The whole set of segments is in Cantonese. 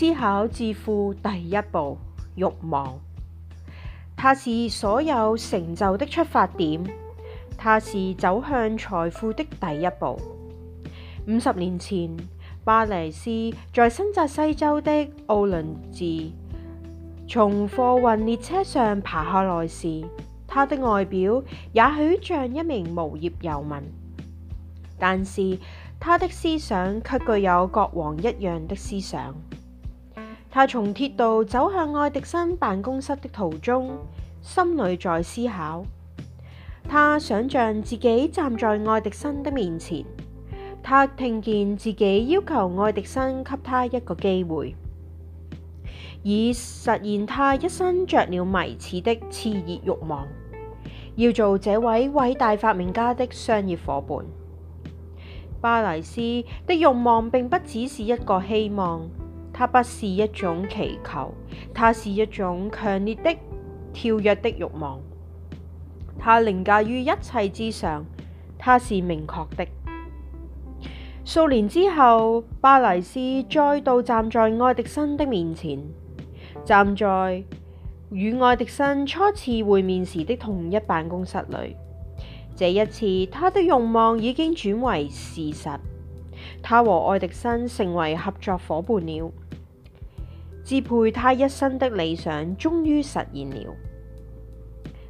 思考致富第一步，慾望。他是所有成就的出發點，他是走向財富的第一步。五十年前，巴尼斯在新澤西州的奧倫治從貨運列車上爬下來時，他的外表也許像一名無業遊民，但是他的思想卻具有國王一樣的思想。他從鐵道走向愛迪生辦公室的途中，心裏在思考。他想象自己站在愛迪生的面前，他聽見自己要求愛迪生給他一個機會，以實現他一生着了迷似的熾熱慾望，要做這位偉大發明家的商業夥伴。巴黎斯的慾望並不只是一個希望。它不是一種祈求，它是一種強烈的跳躍的慾望。它凌駕於一切之上，它是明確的。數年之後，巴尼斯再度站在愛迪生的面前，站在與愛迪生初次會面時的同一辦公室裏。這一次，他的慾望已經轉為事實。他和愛迪生成為合作夥伴了。支配他一生的理想終於實現了。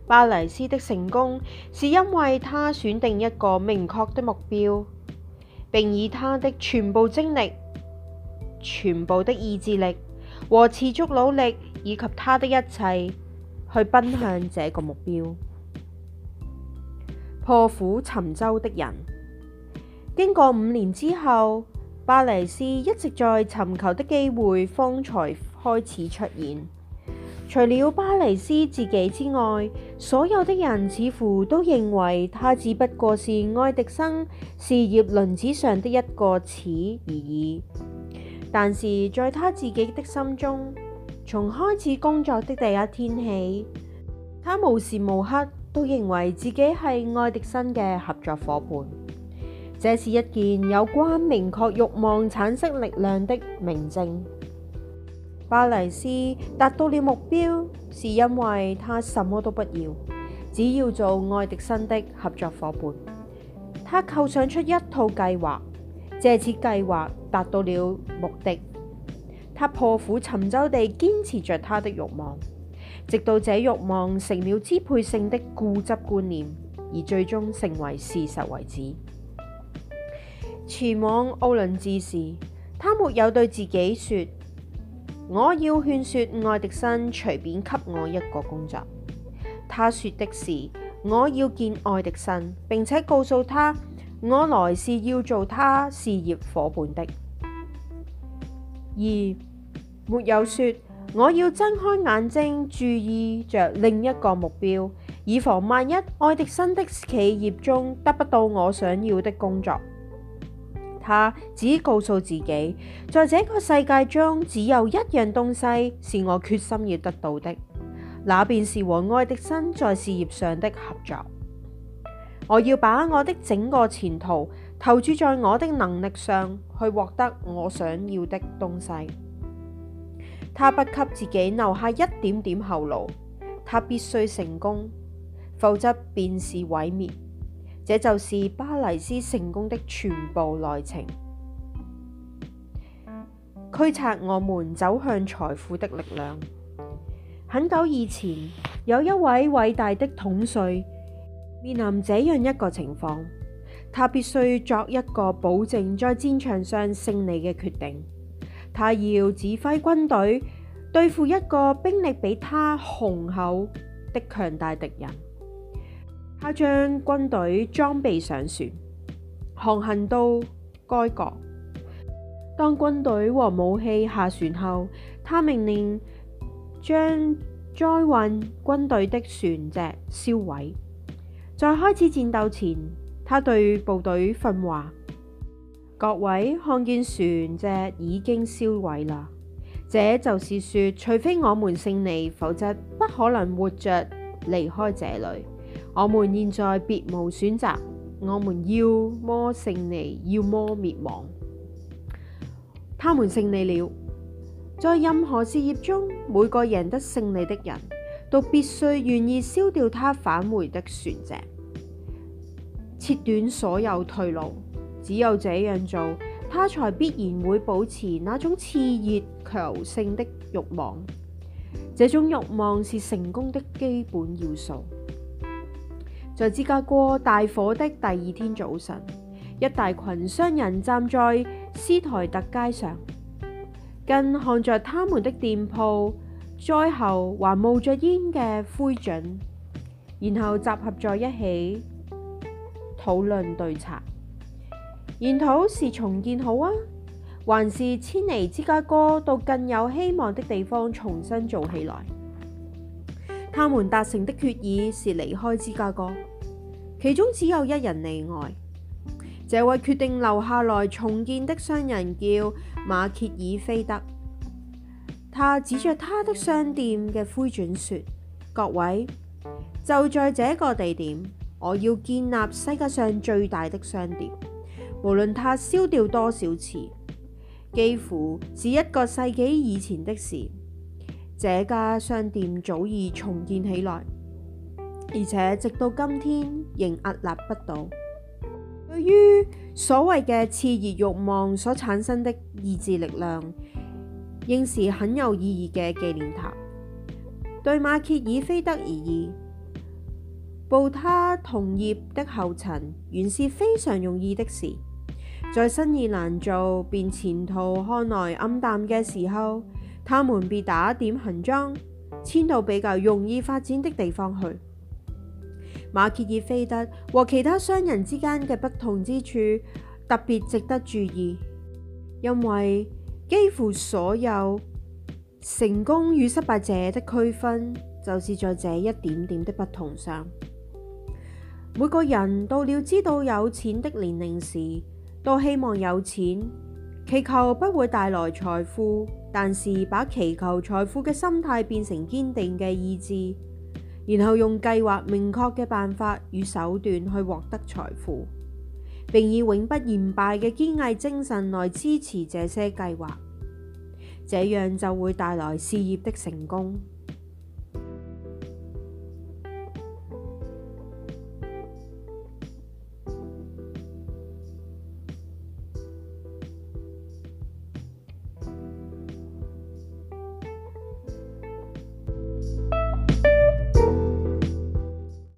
巴尼斯的成功是因為他選定一個明確的目標，並以他的全部精力、全部的意志力和持續努力以及他的一切去奔向這個目標。 破釜沉舟的人，經過五年之後，巴尼斯一直在尋求的機會方才開始出現。除了巴黎斯自己之外，所有的人似乎都認為他只不過是愛迪生事業輪子上的一個齒而已。但是在他自己的心中，從開始工作的第一天起，他無時無刻都認為自己係愛迪生嘅合作夥伴。這是一件有關明確欲望產生力量的明證。巴黎斯達到了目標，是因為他什麼都不要，只要做愛迪生的合作伙伴。他構想出一套計劃，借此計劃達到了目的。他破釜沉舟地堅持着他的欲望，直到這欲望成了支配性的固執觀念，而最終成為事實為止。前往奧倫治時，他沒有對自己說。我要勸說愛迪生隨便給我一個工作。他說的是，我要見愛迪生，並且告訴他我來是要做他事業伙伴的，而沒有說我要睜開眼睛注意着另一個目標，以防萬一愛迪生的企業中得不到我想要的工作。他只告訴自己，在這個世界中，只有一樣東西是我決心要得到的，那便是和愛迪生在事業上的合作。我要把我的整個前途投注在我的能力上去獲得我想要的東西。他不給自己留下一點點後路，他必須成功，否則便是毀滅。這就是巴黎斯成功的全部內情，驅策我們走向財富的力量。很久以前，有一位偉大的統帥面臨這樣一個情況，他必須作一個保證在戰場上勝利嘅決定。他要指揮軍隊對付一個兵力比他雄厚的強大敵人。他將軍隊裝備上船，航行到該國。當軍隊和武器下船後，他命令將載運軍隊的船隻銷毀。在開始戰鬥前，他對部隊訓話：各位看見船隻已經銷毀啦，這就是說，除非我們勝利，否則不可能活着離開這裏。我們現在別無選擇，我們要麼勝利，要麼滅亡。他們勝利了，在任何事業中，每個贏得勝利的人，都必須願意燒掉他返回的船隻，切斷所有退路。只有這樣做，他才必然會保持那種熾熱強盛的欲望。這種欲望是成功的基本要素。在芝加哥大火的第二天早晨，一大群商人站在斯台特街上，更看着他們的店鋪災後還冒着煙嘅灰燼，然後集合在一起討論對策，研討是重建好啊，還是遷離芝加哥到更有希望的地方重新做起來。他們達成的決議是離開芝加哥。其中只有一人例外。這位決定留下來重建的商人叫馬歇爾菲德。他指着他的商店嘅灰磚說，各位，就在這個地點，我要建立世界上最大的商店。無論他燒掉多少次，幾乎是一個世紀以前的事，這家商店早已重建起來。而且直到今天仍屹立不倒。對於所謂嘅熾熱慾望所產生的意志力量，應是很有意義嘅紀念塔。對馬歇爾菲德而言，步他同業的後塵，原是非常容易的事。在生意難做，便前途看來暗淡嘅時候，他們便打點行裝，遷到比較容易發展的地方去。馬歇爾菲德和其他商人之間嘅不同之處特別值得注意，因為幾乎所有成功與失敗者的區分，就是在這一點點的不同上。每個人到了知道有錢的年齡時，都希望有錢，祈求不會帶來財富，但是把祈求財富嘅心態變成堅定嘅意志，然後用計劃明確嘅辦法與手段去獲得財富，並以永不言敗嘅堅毅精神來支持這些計劃，這樣就會帶來事業的成功。